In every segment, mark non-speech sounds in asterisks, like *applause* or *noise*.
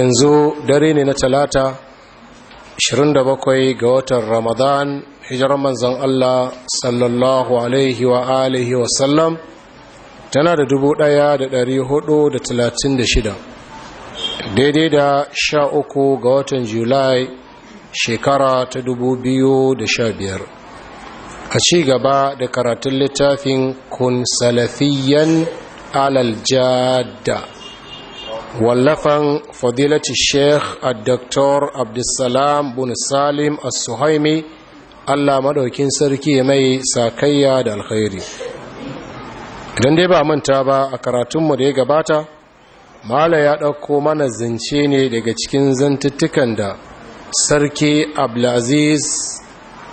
yanzu dare ne na talata 27 ga watan ramadan hijar manzan Allah sallallahu alaihi wa alihi wa sallam tana da talatin da shida, daidai da sha uku ga watan julai shekara ta dubu biyu da sha biyar, a ci gaba da karatun littafin kun salafiyan alal wallafan fadilati sheikh al-doktor abdulsalam bin salim al-suhaimi allah maɗaukin sarki mai sakayya da alkhairi idan dai ba manta ba a karatunmu da ya gabata mala ya ɗauko mana zance ne daga cikin zantuttukan da sarki abdulaziz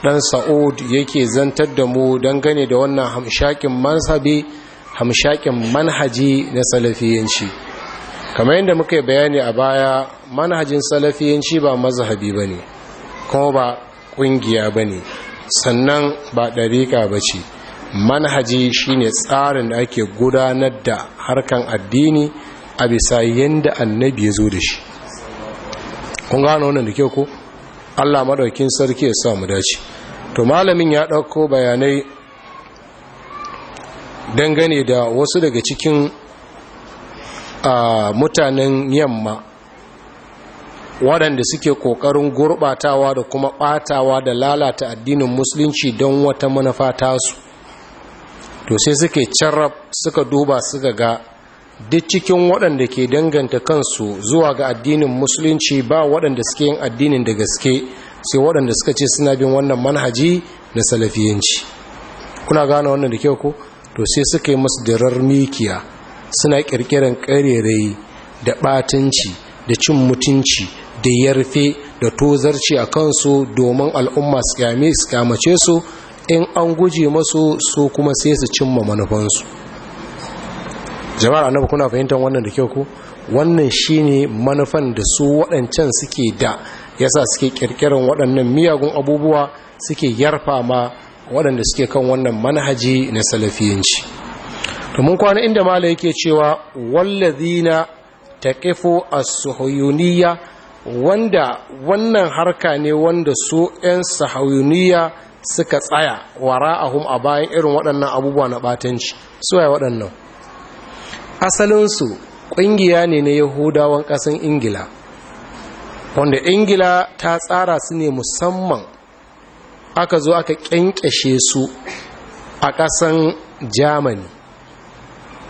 ɗan sa'ud yake zantar da mu dangane da wannan hamshakin manhaji na salafiyanci kamar yadda muka yi bayani a baya manhajin salafiyanci ba mazhabi ba ne kuma ba ƙungiya ba ne sannan ba ɗariƙa ba ce manhaji shine tsarin da ake gudanar da harkan addini a bisa yadda annabi ya zo da shi kun gano wannan da kyau ko allah maɗaukin sarki ya sa mu dace to malamin ya ɗauko bayanai dangane da wasu daga cikin a mutanen yamma waɗanda suke ƙoƙarin gurɓatawa da kuma ɓatawa da lalata addinin musulunci don wata manufa tasu to sai suke carrab suka duba suka ga duk cikin waɗanda ke danganta kansu zuwa ga addinin musulunci ba waɗanda suke yin addinin da gaske sai waɗanda suka ce suna bin wannan manhaji na salafiyanci kuna gane wannan da kyau ko to sai suka yi masu dirar mikiya suna kirkiran ƙarerayi da ɓatanci da cin mutunci da yarfe da tozarci a kansu domin al'umma su kyamace su in an guje masu su kuma sai su cimma manufansu jama'ar annabi kuna fahimtar wannan da kyau ku wannan shine manufan da su waɗancan suke da yasa suke kirkiran waɗannan miyagun abubuwa suke yarfa ma waɗanda suke kan wannan manhaji na salafiyanci to mun kwana inda mala yake cewa wallazina taqifu as-suhuyuniyya wanda wannan harka ne wanda su 'yan sahuyuniyya suka tsaya wara'ahum a bayan irin waɗannan abubuwa na batanci waye waɗannan asalinsu ƙungiya ne na yahudawan ƙasan ingila wanda ingila ta tsara su ne musamman aka zo aka ƙyanƙyashe su a ƙasan germany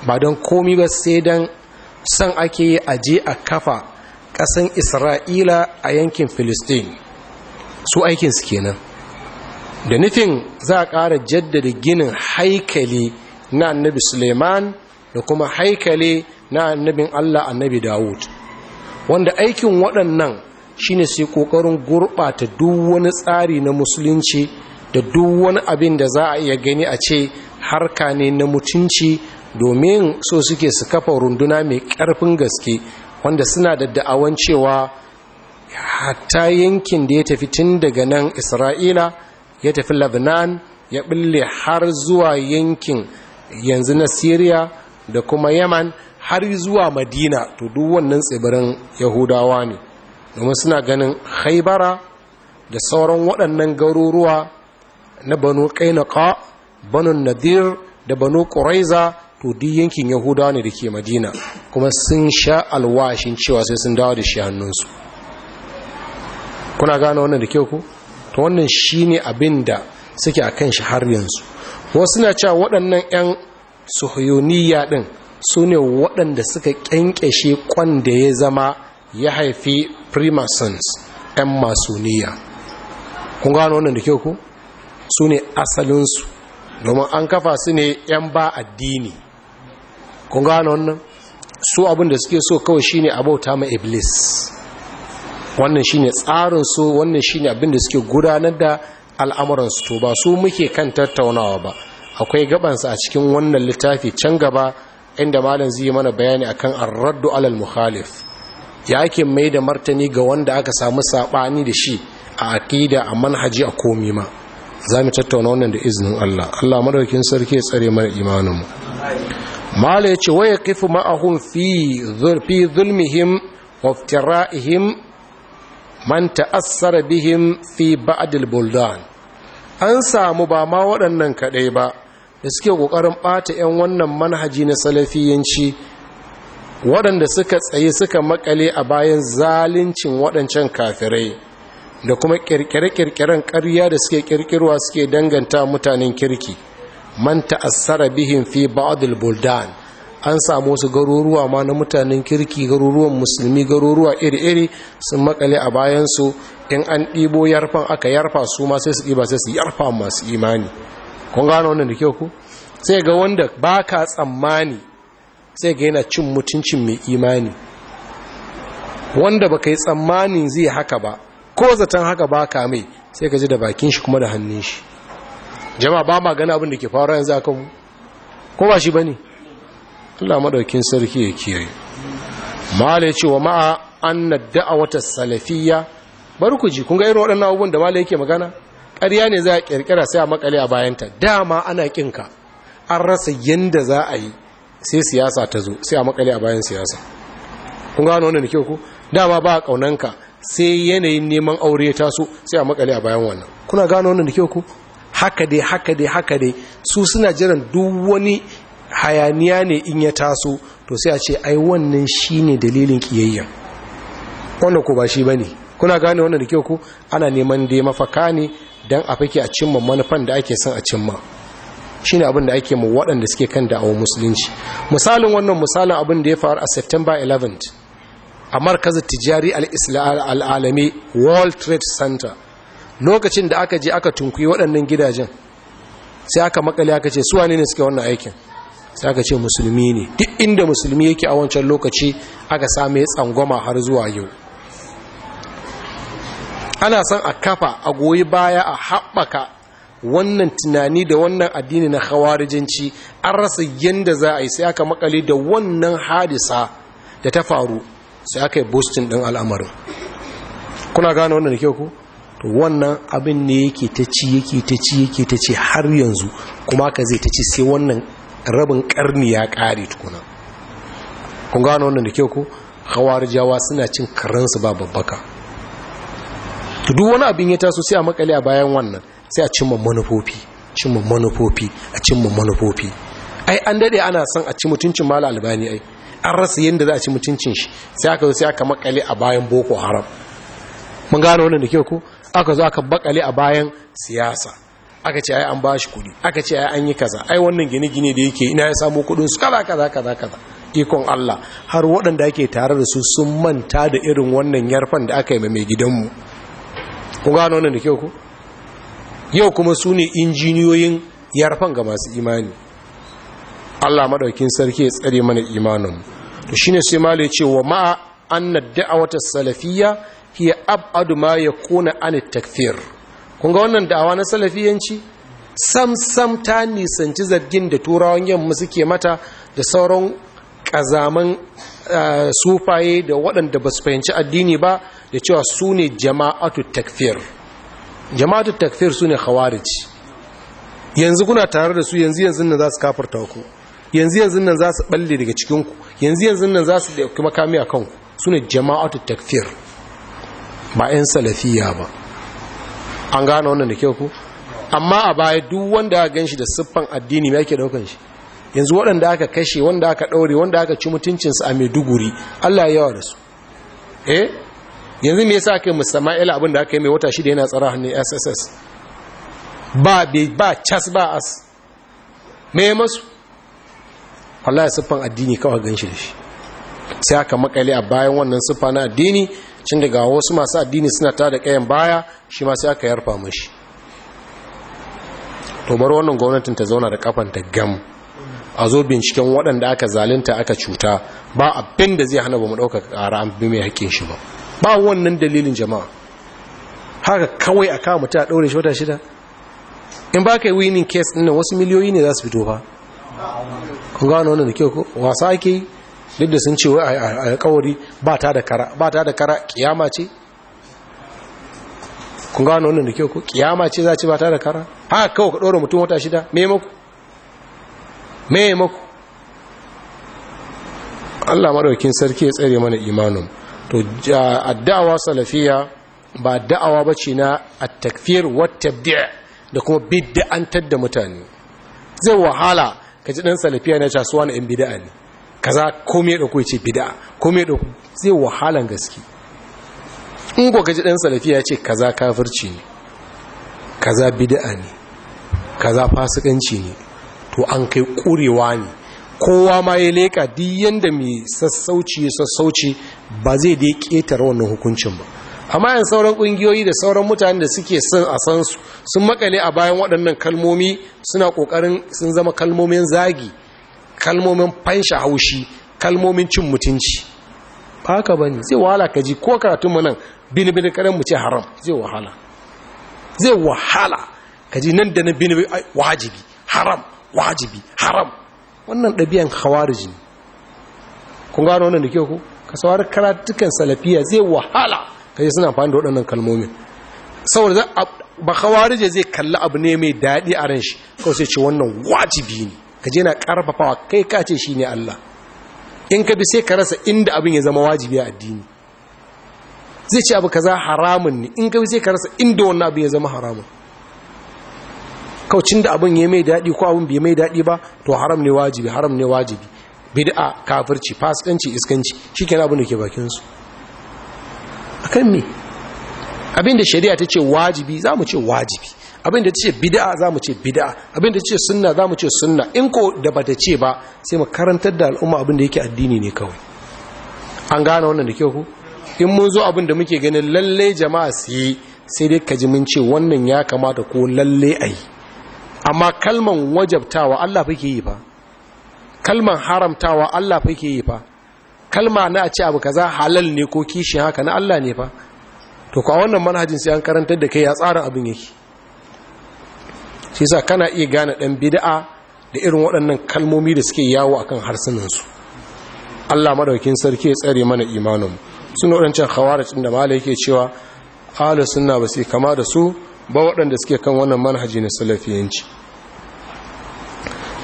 ba don komi ba sai don son ake yi a je a kafa ƙasan isra'ila a yankin Filistin. su aikinsu kenan da nufin za a ƙara jaddada ginin haikali na annabi suleiman da kuma haikali na annabin allah annabi dawud wanda aikin waɗannan shine sai ƙoƙarin gurɓata duk wani tsari na musulunci da duk wani abin da za a iya gani a ce harka ne na mutunci domin so suke su kafa runduna mai ƙarfin gaske wanda suna da da'awan cewa hatta yankin da ya tafi tun daga nan isra'ila ya tafi lebanon ya bille har zuwa yankin yanzu na syria da kuma yaman har zuwa madina to duk wannan tsibirin yahudawa ne domin suna ganin haibara da sauran waɗannan garuruwa na banu ƙainaka banu nadir da banu ƙuraiza to duk yankin Yahuda ne da ke madina kuma sun sha alwashin cewa sai sun dawo da shi hannunsu kuna gane wannan da kyau ku to wannan shi ne abin da suke a kan shi har yanzu wasu na cewa waɗannan 'yan suhuyoniya ɗin su ne waɗanda suka ƙyanƙyashe ƙwan da ya zama ya haifi primasons 'yan masuniya. kun gano wannan da kyau ku su ne asalinsu domin an kafa su ne 'yan ba addini kun gano wannan su abin da suke so kawai shine abauta ma iblis wannan shine tsarin su wannan shine abin da suke gudanar da al'amuran su to ba su muke kan tattaunawa ba akwai gabansa a cikin wannan littafi can gaba inda malam zai mana bayani akan ar-raddu alal mukhalif ya mai da martani ga wanda aka samu sabani da shi a aqida a manhaji a komi ma za mu tattauna wannan da izinin Allah Allah madaukakin sarki ya tsare mana mu mala ce, waya kifu ma'ahun fi zulmihim wa man ta'assara bihim fi ba'd buldan an samu ba ma waɗannan kaɗai ba da suke ƙoƙarin ɓata 'yan wannan manhaji na salafiyanci waɗanda suka tsaye suka makale a bayan zalincin waɗancan kafirai da kuma ƙirƙire-ƙirƙiren ƙarya da suke ƙirƙirwa suke danganta mutanen kirki man ta'assara bihin fi ba'd buldan an samu su garuruwa ma na mutanen kirki garuruwan musulmi garuruwa iri-iri sun makale a bayansu in an ɗibo yarfan aka yarfa su ma sai su ɗiba sai su yarfa masu imani kun gano wannan da kyau ku sai ga wanda ba tsammani sai ga yana cin mutuncin mai imani wanda baka yi tsammanin zai haka ba ko zaton haka baka mai sai ka ji da bakin shi kuma da hannun shi jama'a ba ma gani abin da ke faruwa yanzu ka mu ko ba shi ba ne Allah maɗaukin sarki ya kiyaye mala ce wa ma'a da'a wata salafiya, bar ku ji kun ga irin waɗannan abubuwan da mala yake magana ƙarya ne za a ƙirƙira sai a makale a bayanta dama ana ƙinka an rasa yanda za a yi sai siyasa ta zo sai a makale a bayan siyasa kun gano wannan da kyau ku dama ba a ƙaunanka sai yanayin neman aure ta so sai a makale a bayan wannan kuna gano wannan da kyau ku haka dai haka dai haka dai su suna jiran duk wani hayaniya ne in ya taso to sai a ce ai wannan shine dalilin kiyayya wannan ko ba shi bane kuna gane wannan da kyau ko ana neman dai mafaka ne dan a fake a cimma manufan da ake son a cimma shine abin da ake mu waɗanda suke kan da'awar musulunci misalin wannan misalin abin da ya faru a September 11 a markazin tijari al al-alami World Trade Center lokacin da aka je aka tunkuyi waɗannan gidajen sai aka makale aka ce suwa ne ne suke wannan aikin sai aka ce musulmi ne duk inda musulmi yake a wancan lokaci aka same tsangwama har zuwa yau ana son a kafa a goyi baya a haɓaka wannan tunani da wannan addini na hawarijinci an rasa yadda za a yi sai aka makale da wannan hadisa da ta faru sai aka yi boston ɗin al'amarin kuna gane wannan da kyau ku to wannan abin ne yake ta ci yake ta ci yake ta ci har yanzu kuma ka zai ta ci sai wannan rabin karni ya kare tukuna kun gano wannan da kyau ko jawa suna cin karansu ba babbaka to duk wani abin ya taso sai a makale a bayan wannan sai a cimma manufofi cimma manufofi a cimma manufofi ai an dade ana son a ci mutuncin mala albani ai an rasa yadda za a ci mutuncin shi sai aka zo sai aka makale a bayan boko haram mun gano wannan da ke ku? aka zo aka bakale a bayan siyasa aka ce ai an ba shi kudi aka ce ai an yi kaza ai wannan gine-gine da yake ina ya samu kudin su kaza kaza kaza kaza ikon Allah har waɗanda ake tare da su sun manta da irin wannan yarfan da aka yi mai gidanmu ku gano wannan da ke ku yau kuma su ne injiniyoyin yarfan ga masu imani Allah madaukin sarki ya tsare mana imanin to shine sai malai ce wa ma annad wata salafiyya hiya abadu ma yakuna an takfir kun ga wannan da'awa na salafiyanci sam sam ta nisanci zargin da turawan yamma suke mata da sauran kazaman sufaye da waɗanda ba su fahimci addini ba da cewa su ne jama'atu takfir jama'atu takfir su ne khawarij yanzu kuna tare da su yanzu yanzu nan za su kafarta ku yanzu yanzu nan za su balle daga cikinku yanzu yanzu nan za su ɗauki makami a kanku su ne jama'atu takfir ba 'yan salafiya ba an gane wannan da kyau ku amma a baya duk wanda aka ganshi da siffan addini mai ake daukan shi yanzu waɗanda aka kashe wanda aka ɗaure wanda aka ci mutuncinsu a maiduguri allah yawa da su eh yanzu me yasa aka yi musamman abin da aka yi mai wata shida yana tsara hannun sss ba ba cas ba as me masu wallahi siffan addini kawai ganshi da shi sai aka makale a bayan wannan siffa na addini cin daga wasu masu addini suna ta da kayan baya shi ma sai aka yarfa mashi to bar wannan gwamnatin ta zauna da ta gam a zo binciken waɗanda aka zalunta aka cuta ba abin da zai hana ba mu ɗauka ƙara an bi mai haƙƙin shi ba ba wannan dalilin jama'a haka kawai a kama mutum a ɗaure shi wata shida in ba ka yi winning case ɗin wasu miliyoyi ne za su fito ba ku gano wannan da kyau ko wasa ake yi duk da sun ce wai alkawari ba ta da kara ba ta da kara kiyama ce kun gano wannan da ke ku kiyama ce za ce ba ta da kara ha kawai ka ɗora mutum wata shida me maku me maku Allah maɗaukin sarki ya tsere mana imanin to addawa salafiya ba da'awa ba ce na a takfir wata da kuma bid'antar da mutane zai wahala ka ji ɗan salafiya na casuwa na 'yan bida'a ne kaza komai ya dauko ce bid'a komai ya dauko zai wahalan gaske in ko gaji dan salafi ya ce kaza kafirci ne kaza bid'a ne kaza fasikanci ne to an kai kurewa ne kowa ma ya leka duk yanda mai sassauci ya sassauci ba zai dai ketare wannan hukuncin ba amma yan sauran kungiyoyi da sauran mutanen da suke son a san su sun makale a bayan waɗannan kalmomi suna ƙoƙarin sun zama kalmomin zagi kalmomin fansha haushi kalmomin cin mutunci ba haka ba ne zai wahala ka ji ko karatun manan nan karen mu ce haram zai wahala zai wahala ka ji nan da na binibin wajibi haram wajibi haram wannan ɗabi'an hawariji ne kun gano wannan da ke ku ka saurari karatukan salafiya zai wahala ka ji suna fahimta waɗannan kalmomin saboda ba hawarije zai kalli abu ne mai daɗi a ran shi kawai sai ce wannan wajibi ne ka je na karfafawa kai ka ce shi ne Allah in ka bi sai ka rasa inda abin ya zama wajibi a addini zai ce abu kaza haramun ne in ka bi sai ka rasa inda wannan abin ya zama haramun kaucin da abin ya mai daɗi ko abin bai mai daɗi ba to haram ne wajibi haram ne wajibi bid'a kafirci fasikanci iskanci shikenan abin da ke bakin su akan me abin da shari'a ta ce wajibi za mu ce wajibi abin da ce bid'a za mu ce bid'a abin da ce sunna za mu ce sunna in ko da bata ce ba sai mu karantar da al'umma abin da yake addini ne kawai an gane wannan da kyau ku in mun zo abin da muke ganin lalle jama'a su yi sai dai kaji mun ce wannan ya kamata ko lalle a yi amma kalman wajabtawa Allah fa ke yi fa kalman haramtawa Allah fa ke yi fa kalma na a ce abu kaza halal ne ko kishin haka na Allah ne fa to ko wannan manhajin sai an karantar da kai ya tsara abin yake shi sa kana iya gane ɗan bida'a da irin waɗannan kalmomi da suke yawo a kan harsunansu Allah maɗaukin sarki ya tsare mana imanin sun waɗancan hawa da mala yake cewa ala suna ba su kama da su ba waɗanda suke kan wannan manhaji na salafiyanci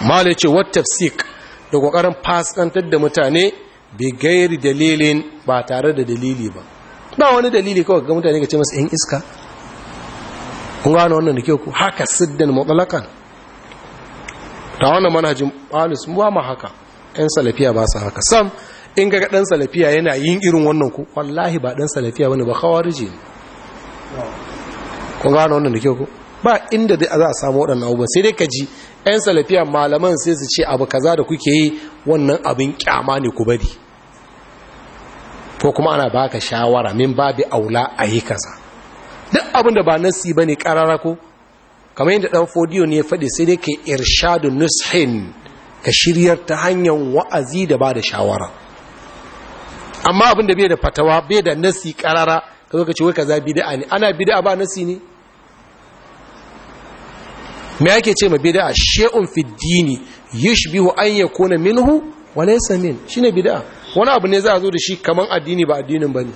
mala ce wat tafsik da kokarin faskantar da mutane bai gairi dalilin ba tare da dalili ba ba wani dalili kawai ga mutane ga ce masu yan iska kun gano wannan da ke ku haka siddin mutsalakan ta wannan manhajin alis ba ma haka yan salafiya ba su haka sam in ga ɗan salafiya yana yin irin wannan ku wallahi ba ɗan salafiya bane ba khawariji ne kun gano wannan da ke ku ba inda za a samu waɗannan abubuwan sai dai ka ji yan salafiya malaman sai su ce abu kaza da kuke yi wannan abin kyama ne ku bari ko kuma ana baka shawara min babi aula a yi kaza duk abin da ba nasi ba ne karara ko kamar yadda ɗan fodiyo ne ya faɗi sai dai ke irshadu nushin ka shiryar ta hanyar wa'azi da ba da shawara amma abin da bai da fatawa bai da nasi karara ka zo ka ce wai kaza bidaa ne ana da'a ba nasi ne me ake ce ma bida'a She'un fi dini yushbihu an yakuna minhu wa laysa min shine bida'a wani abu ne za a zo da shi kaman addini ba addinin bane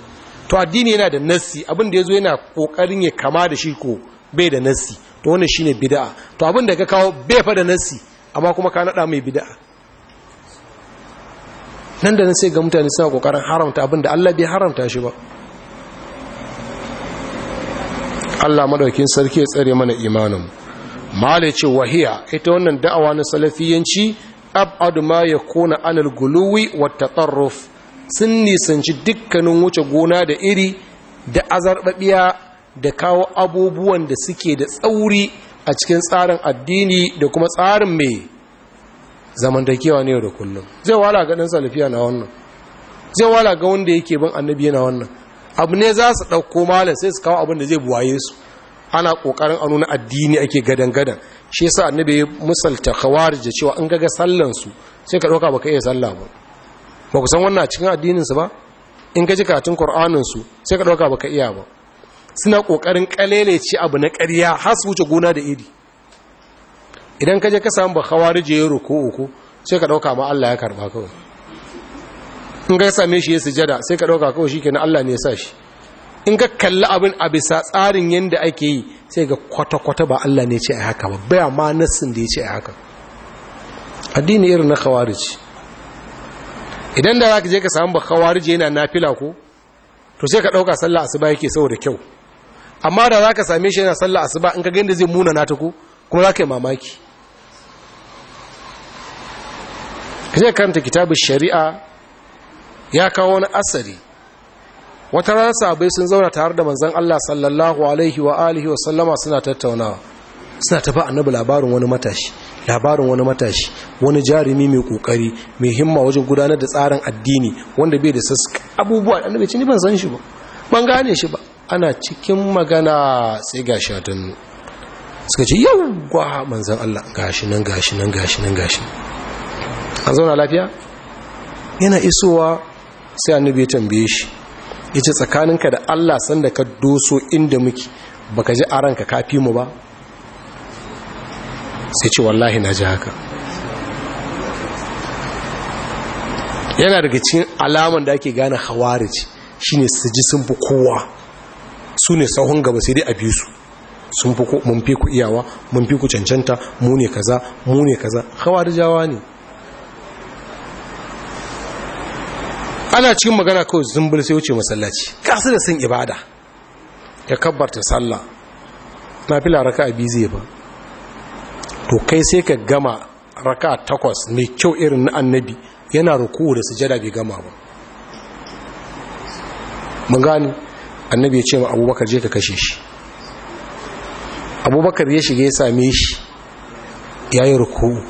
to addini yana da nassi abin da yazo yana kokarin ya kama da shi ko bai da nassi to wannan shine bid'a to abin da ka kawo bai fa da nassi amma kuma ka nada mai bid'a nan da nan sai ga mutane suna kokarin haramta abin da Allah bai haramta shi ba Allah madaukin sarki ya tsare mana imanin mala ce wahiya ita wannan da'awa na salafiyanci abadu ma yakuna anil guluwi wat tatarruf sun nisanci dukkanin wuce gona da iri da azarbabiya da kawo abubuwan da suke da tsauri a cikin tsarin addini da kuma tsarin mai zamantakewa ne da kullum zai wala ga ɗan salafiya na wannan zai wala ga wanda yake bin annabi na wannan abu ne za su ɗauko malam sai su kawo abin da zai buwaye su ana ƙoƙarin a nuna addini ake gadan-gadan shi yasa annabi ya musalta khawarij da cewa in ga sallan su sai ka ɗauka baka iya sallah ba ba ku san wannan cikin addininsu ba in ka ji katin ƙur'aninsu sai ka ɗauka baka iya ba suna ƙoƙarin ci abu na ƙarya har su wuce gona da iri idan ka je ka samu ba hawari je yaro uku sai ka ɗauka ma Allah ya karɓa kawai in ka same shi ya sujada sai ka ɗauka kawai shi kenan Allah ne ya sa shi in ka kalli abin a bisa tsarin yadda ake yi sai ga kwata-kwata ba Allah ne ya ce a haka ba baya ma nassin da ya ce a haka addini irin na khawarij idan da za ka je ka samu bakawarije yana nafila ko to sai ka ɗauka sallah asuba yake saboda kyau amma da za ka same shi yana sallah asuba in ka gani da zai muna na ta ko kuma za ka yi mamaki ka karanta kitabun shari'a ya kawo wani asari wata rana abai sun zauna tare da manzon Allah sallallahu alaihi wa alihi wa sallama suna tattaunawa suna tafa annabi labarin wani matashi labarin wani matashi wani jarumi mai kokari mai himma wajen gudanar da tsarin addini wanda bai da saska abubuwa annabi cin ban san shi ba ban gane shi ba ana cikin magana sai ga shatan suka ce yawwa manzan Allah gashi nan gashi nan gashi nan gashi an zauna lafiya yana isowa sai annabi ya tambaye shi yace tsakaninka da Allah sanda ka doso inda muke baka ji aranka kafi mu ba sai ce wallahi na ji haka yana daga cikin alaman da ake gane hawarici shine su ji sun fi kowa su ne sahun gaba sai dai a biyu su sun fi mun fi ku iyawa mun fi ku cancanta mu ne kaza mu ne kaza hawarijawa ne ana cikin magana kawai zumbul sai wuce masallaci kasu da sun ibada ya kabbarta sallah na fi laraka a biyu zai ba to kai sai ka gama raka takwas mai kyau irin na annabi yana ruku da sujada bai gama ba mun gani annabi ya ce ma abubakar je ka kashe shi abubakar ya shiga ya same shi ya yi ruku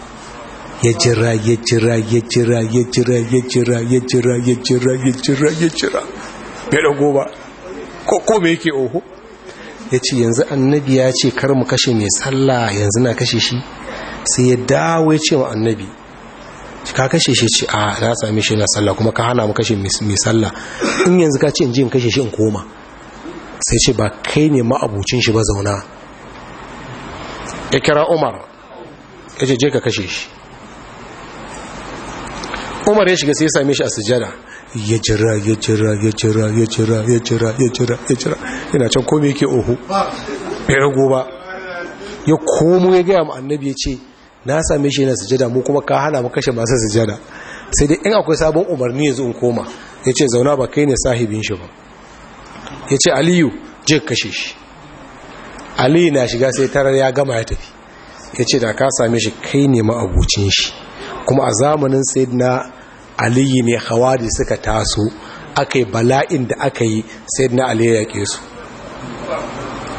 ya jira ya jira ya jira ya jira ya jira ya jira ya jira ya jira ya jira ya jira ya ko me yake oho ya ce yanzu annabi ya ce kar mu kashe mai sallah yanzu na kashe shi sai ya dawo ya ce wa annabi ka kashe shi ce a na same shi na sallah kuma ka hana mu kashe mai sallah in yanzu ka ce in je in kashe shi in koma sai ce ba kai ne ma'abucin shi ba zauna ya kira umar ya ce je ka kashe shi umar ya shiga sai ya same shi a sujada ya jira ya jira ya jira ya jira ya jira ya jira ya jira Ina can komai yake ohu bai rago ba ya komo ya gaya mu annabi ya ce na same shi yana sujada mu kuma ka hana mu kashe masu sujada sai dai in akwai sabon umarni ya in koma ya ce zauna ba kai ne sahibin shi ba ya ce aliyu je kashe shi aliyu na shiga sai tarar ya gama ya tafi ya ce da ka same shi kai ne ma'abucin shi kuma a zamanin sai na aliyu ne hawa da suka taso aka yi bala'in da aka yi na aliyu ya ke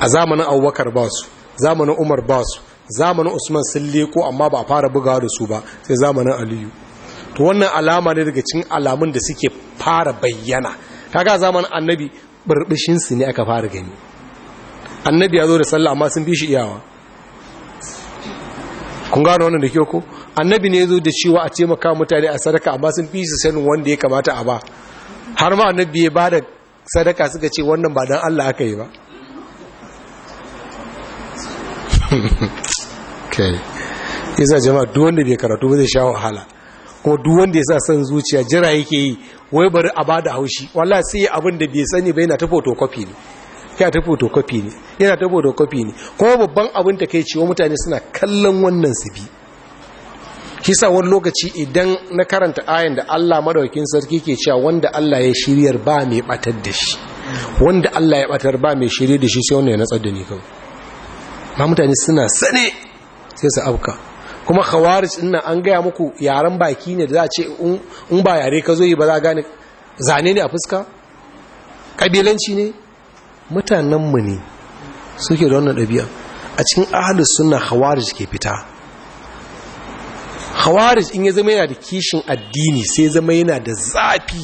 a zamanin abubakar ba su zamanin umar ba su zamanin usman sun leko amma ba a fara bugawa da su ba sai zamanin aliyu to wannan alama ne daga cikin alamun da suke fara bayyana kaga zamanin annabi burbushinsu ne aka fara gani annabi ya zo da sallah amma sun bi shi iyawa kun gano wannan da kyau ko annabi ne ya zo da cewa a taimaka mutane a sadaka amma sun fi su sanin wanda ya kamata a ba har ma annabi ya ba da sadaka suka ce wannan ba don allah aka yi ba *laughs* kai yasa jama'a duk wanda bai karatu ba zai sha wahala ko duk wanda ya sa son zuciya jira yake yi wai bari a bada haushi wallahi sai abin da bai sani ba yana ta photocopy ne yana ta photocopy ne yana ta photocopy ne kuma babban abin da kai cewa mutane suna kallon wannan su bi kisa wani lokaci idan na karanta ayan da Allah madaukakin sarki ke cewa wanda Allah ya shiryar ba mai batar da shi wanda Allah ya batar ba mai shirye da shi sai wannan ya natsar da ni kawai ma mutane suna sane sai su afka kuma khawarij ina an gaya muku yaren baki ne da za a ce in ba yare ka zo yi ba za a gane zane ne a fuska kabilanci ne mutanenmu ne suke da wannan ɗabi'a a cikin ahalus suna khawarij ke fita khawarij in ya zama yana da kishin addini sai zama yana da zafi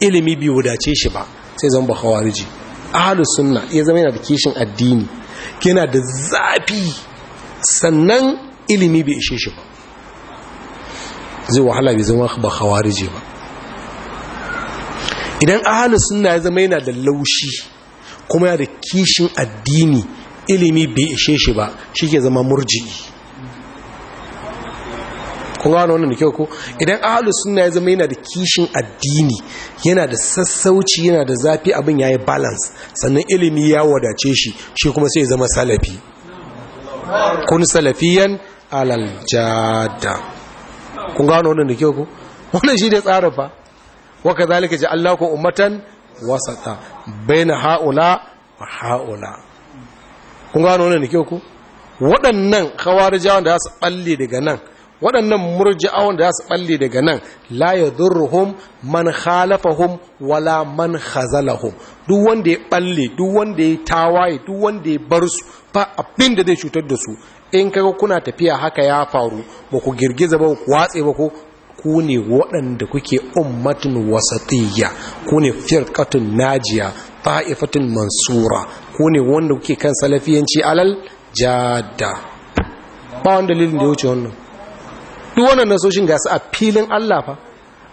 ilimi bai wadace shi ba sai zama ba khawariji ahalus sunna ya zama yana da kishin addini yana da zafi sannan ilimi bai ishe shi ba zai wahala bai zama ba hawarije ba idan ahalin suna ya zama yana da laushi kuma yana da kishin addini ilimi bai ishe shi ba shi ke zama murji'i kun gano wannan da kyau ko idan ahlus sunna ya zama yana da kishin addini yana da sassauci yana da zafi abin yayi balance sannan ilimi ya wadace shi shi kuma sai ya zama salafi kun salafiyan alal jada kun gano wannan da kyau ko wannan shi da tsara fa wa kazalika ja'alnakum ummatan wasata baina haula wa haula kun gano wannan da kyau ko waɗannan jawon da za su balle daga nan waɗannan murji'awan da za su ɓalle daga nan la ya yadurruhum man khalafahum wala man khazalahum duk wanda ya ɓalle, duk wanda ya tawaye duk wanda ya bar su ba abin da zai cutar da su in kaga kuna tafiya haka ya faru ba ku girgiza ba ku watse ba ko ku ne waɗanda kuke ummatin wasatiyya ku ne firqatun najiya ta'ifatun mansura ku ne wanda kuke kan salafiyanci alal jada ba wanda dalilin da ya wuce wannan duk wannan nasoshin ga su a filin Allah fa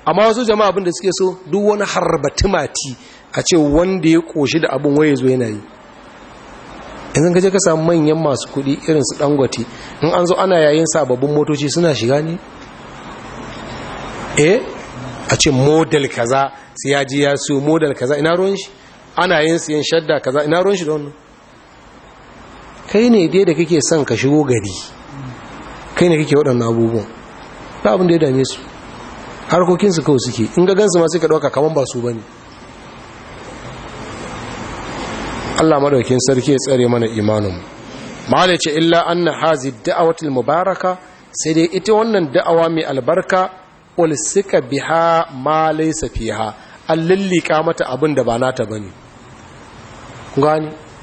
amma wasu jama'a abin da suke so duk wani harbatimati a ce wanda ya koshi da abin waye zo yana yi in ka je ka samu manyan masu kuɗi irin su dangote in an zo ana yayin sababbin motoci suna shiga ne eh a ce model kaza sai ya ji ya su model kaza ina ruwan shi ana yin siyan shadda kaza ina ruwan shi da wannan kai ne dai da kake son ka shigo gari kai ne kake waɗannan abubuwan ba abin da ya dame su harkokinsu kawai suke in ga gansu ma sai ɗauka kamar ba su ba ne allah maɗaukin sarki ya tsare mana imanin da ce illa an na hazi da'awatul mubaraka sai dai ita wannan da'awa mai albarka ulsika biha ma fiha an lillika mata abin da ba nata ba ne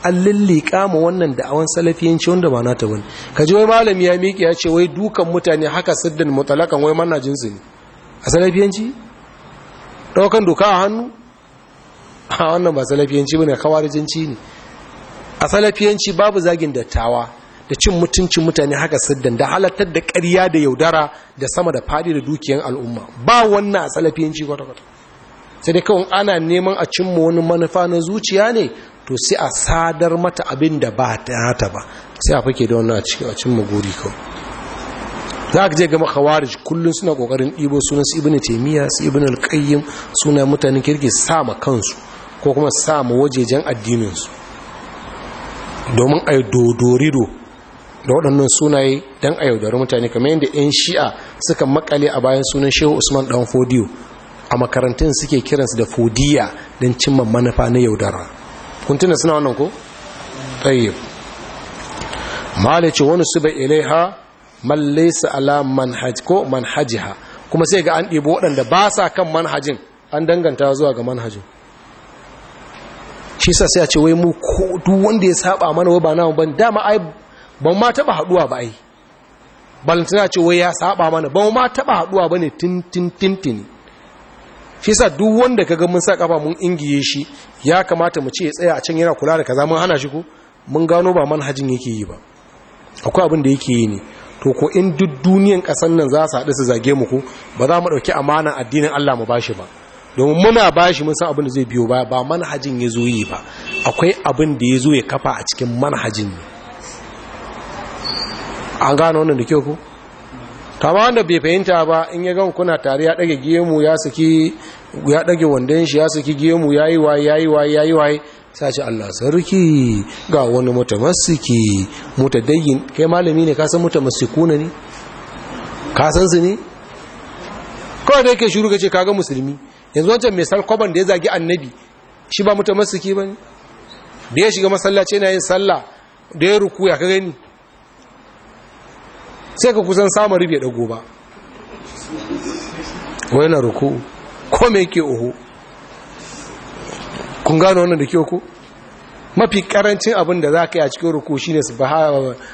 an lillika ma wannan da'awan salafiyanci wanda ba nata bane kaji wai malami ya miƙe ya ce wai dukan mutane haka siddin mutalakan wai manna jinsu ne a salafiyanci ɗaukan doka a hannu a wannan ba salafiyanci bane kawarijinci ne a salafiyanci babu zagin dattawa da cin mutuncin mutane haka siddin da halartar da ƙarya da yaudara da sama da fadi da dukiyan al'umma ba wannan a salafiyanci kwata-kwata sai dai kawai ana neman a cimma wani manufa na zuciya ne to sai a sadar mata abin da ba ta ba sai a fake da wannan a cin maguri ko. za a je gama khawarij kullum suna kokarin ɗibo sunan su ibnu taymiya su ibnu al suna mutanen kirki sama kansu ko kuma sama wajejen addinin su domin yi dodorido da waɗannan sunaye dan yaudari mutane kamar yadda yan shi'a suka makale a bayan sunan shehu usman dan fodiyo a makarantun suke kiransu da fodiya don cimma manufa na yaudara kun tuna suna wannan ko tayyib ce wani suba ilaiha man su ala manhaj ko manhajiha kuma sai ga an ɗibo waɗanda ba sa kan manhajin an danganta zuwa ga manhajin shi sa sai a ce wai mu ko duk wanda ya saba mana wai ba na ban dama ai ban ma taba haduwa ba ai balantana ce wai ya saba mana ban ma taba haduwa bane tin tin tin tin fi sa duk wanda ka ga mun sa kafa mun ingiye shi ya kamata mu ce ya tsaya a can yana kula da kaza mun hana shi ko mun gano ba manhajin yake yi ba akwai abin da yake yi ne to ko in duk duniyan kasan nan za su haɗu su zage mu ko ba za mu ɗauki amana addinin Allah mu bashi ba domin muna bashi mun san abin da zai biyo ba ba manhajin ya zo yi ba akwai abin da ya zo ya kafa a cikin manhajin ne an gano wannan da kyau ko kama wanda bai fahimta ba in ya gan kuna tare ya dage gemu ya saki ya dage wandon shi ya saki gemu yayi waye yayi waye yayi waye Sa ce Allah sarki ga wani mutamassiki mutadayyin kai malami ne ka san mutamassikuna ne ka san su ne kawai da yake shiru kace kaga musulmi yanzu wancan mai salkoban da ya zagi annabi shi ba mutamassiki bane da ya shiga masallaci yana yin sallah da ya rukuya ka gani sai ka kusan samun rufe dago ba wai na ruku ko me ke oho kun gano wannan da ke ku mafi karancin abin da za ka yi a cikin ruku shine su ba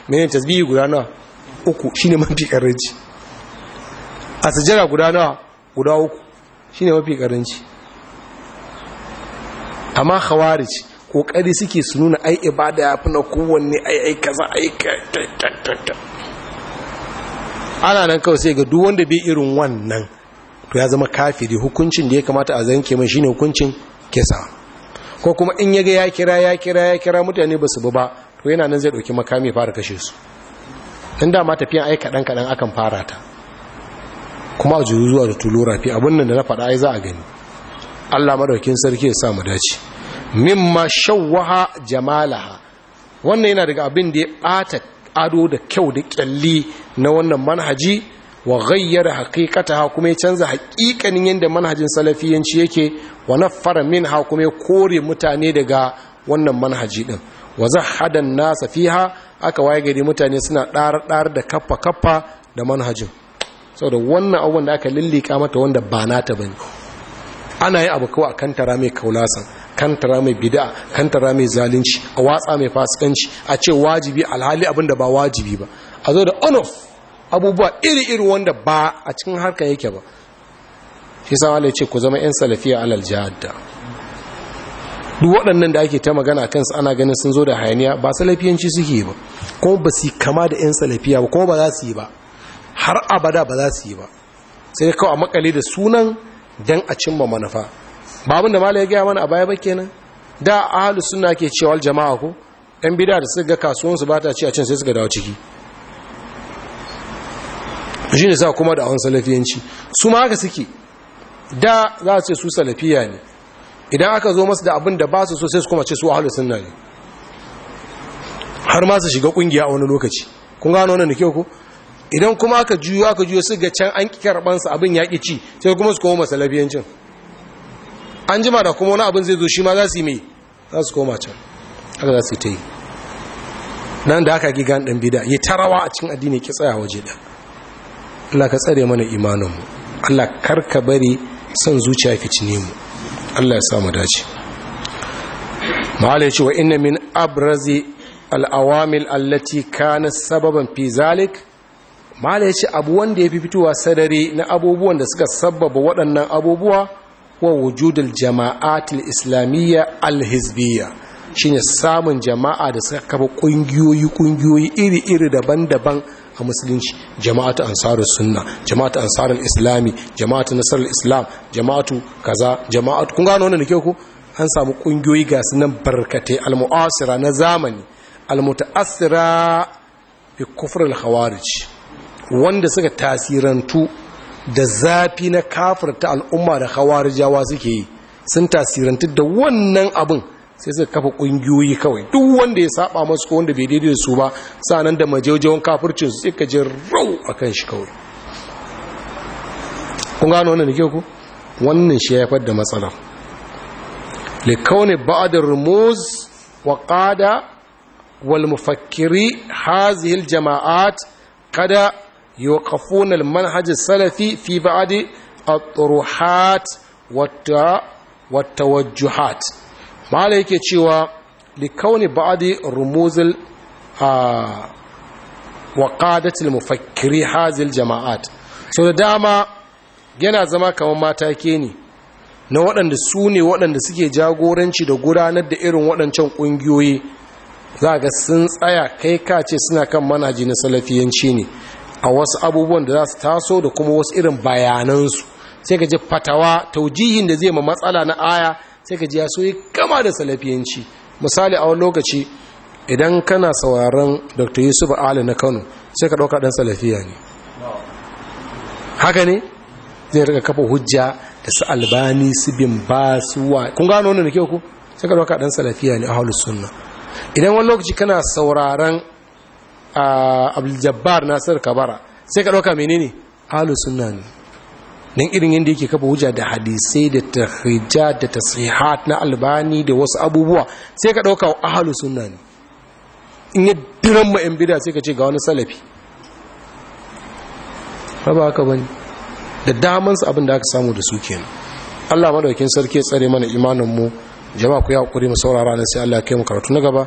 mai tasbihi guda nawa uku shine mafi karanci a sujjara guda nawa guda uku shine mafi karanci amma khawarij kokari suke su nuna ai ibada ya fi na kowanne ai ai kaza ai kai ana nan kawai sai ga duk wanda bai irin wannan to ya zama kafiri hukuncin da ya kamata a zanke mai shine hukuncin kisa ko kuma in yaga ya kira ya kira ya kira mutane ba su bi ba to yana nan zai dauki makami fara kashe su dan dama tafiyan ai kadan kadan akan fara ta kuma a juyu zuwa da tulura fi abin nan da na faɗa ai za a gani Allah madaukin sarki ya sa mu dace mimma shawwaha jamalaha wannan yana daga abin da ya bata ado da kyau da kyalli na wannan manhaji wa ghayyara ha kuma ya canza haƙiƙanin yadda manhajin salafiyanci yake wa min ha kuma ya kore mutane daga wannan manhaji din wa zahhada an-nasa fiha aka waye gari mutane suna ɗar-ɗar da kaffa kaffa da manhajin saboda wannan abubuwan da aka lillika mata wanda ba nata bane ana yi abu kawai akan tara mai kaulasan kantara mai bid'a kantara mai zalunci a watsa mai fasikanci a ce wajibi alhali abinda ba wajibi ba a zo da onof abubuwa iri-iri wanda ba a cikin harkar yake ba shi sa wale ce ku zama 'yan salafiya alal jihadda duk waɗannan da ake ta magana su ana ganin sun zo da hayaniya ba salafiyanci suke ba kuma ba su kama da 'yan salafiya ba kuma ba za su yi ba har abada ba za su yi ba sai kawai a makale da sunan don a cimma manufa ba abin da mala ya gaya mana a baya ba kenan da ahalus suna ke cewa jama'a ko yan bida da suka ga kasuwansu ba ta ci a cin sai suka dawo ciki shi ne sa kuma da awon salafiyanci su ma haka suke da za su ce su salafiya ne idan aka zo masu da abin da ba su so sai su kuma ce su ahalus suna ne har ma su shiga kungiya a wani lokaci kun gano wannan da kyau ko idan kuma aka juyo aka juyo su ga can an ki karban abin ya ci sai kuma su koma masalafiyancin an jima da kuma wani abin zai zo shi ma za su yi mai za su koma can haka za su ta yi nan da aka giga ɗan bida ya tarawa a cikin addini ki tsaya waje ɗan Allah ka tsare mana imaninmu Allah karka bari son zuciya fitine mu Allah ya sa mu dace ma'ala ya ce wa inna min abrazi al'awamil allati kana sababan fi zalik ma'ala ya ce abu wanda ya fi fitowa sadari na abubuwan da suka sabbaba waɗannan abubuwa wa wujudul jama'atul islamiyya alhizbiyya shine samun jama'a da suka kafa kungiyoyi kungiyoyi iri-iri daban-daban a musulunci jama'atu ansarar sunna jama'atu ansarul islami jama'atu nasarar islam jama'atu kaza jama'atu kun gano wannan da ku an samu kungiyoyi ga sunan barkatai almu'asira na zamani almuta'asira bi kufr alkhawarij wanda suka tasirantu da zafi na kafirta al'umma da jawa suke yi sun tasirantu da wannan abin sai suka kafa ƙungiyoyi kawai duk wanda ya saba masu ko wanda bai daidai da su ba sanan da majaujawan kafircin su suka je rau a kan shi kawai kun gano wannan da ku wannan shi ya haifar da matsalar likauni ba'adar rumuz wa qada wal mufakkiri hazihil jama'at kada يوقفون المنهج السلفي في بعض الطروحات والتوجهات ما عليك تشوى لكون بعض رموز وقادة المفكري هذه الجماعات so داما dama yana zama kamar ke ne na waɗanda su ne waɗanda suke jagoranci da gudanar da irin waɗancan ƙungiyoyi za ga sun tsaya kai kace suna kan manaji na salafiyanci ne a wasu abubuwan da za su taso da kuma wasu irin bayanansu sai ka ji fatawa taujihin da zai ma matsala na aya sai ka ji ya soyi gama da salafiyanci misali a wani lokaci idan kana sauraron dr yusuf ali na kano sai ka ɗauka ɗan salafiya ne haka ne zai rika kafa hujja da su albani su bin ba su wa kun gano wannan da kyau ku sai ka ɗauka ɗan salafiya ne a halus sunna idan wani lokaci kana sauraron abdul-jabbar nasir kabara sai ka ɗauka menene ahlus sunna ne Don irin yadda yake kafa hujja da hadisai da tahrija da tasihat na albani da wasu abubuwa sai ka ɗauka ahlus sunna ne in ya diran ma yan bida sai ka ce ga wani salafi ba ba da daman su abin da aka samu da su kenan Allah madaukin sarki ya tsare mana imanin mu jama'a ku ya hakuri mu saurara na sai Allah ya kai mu karatu na gaba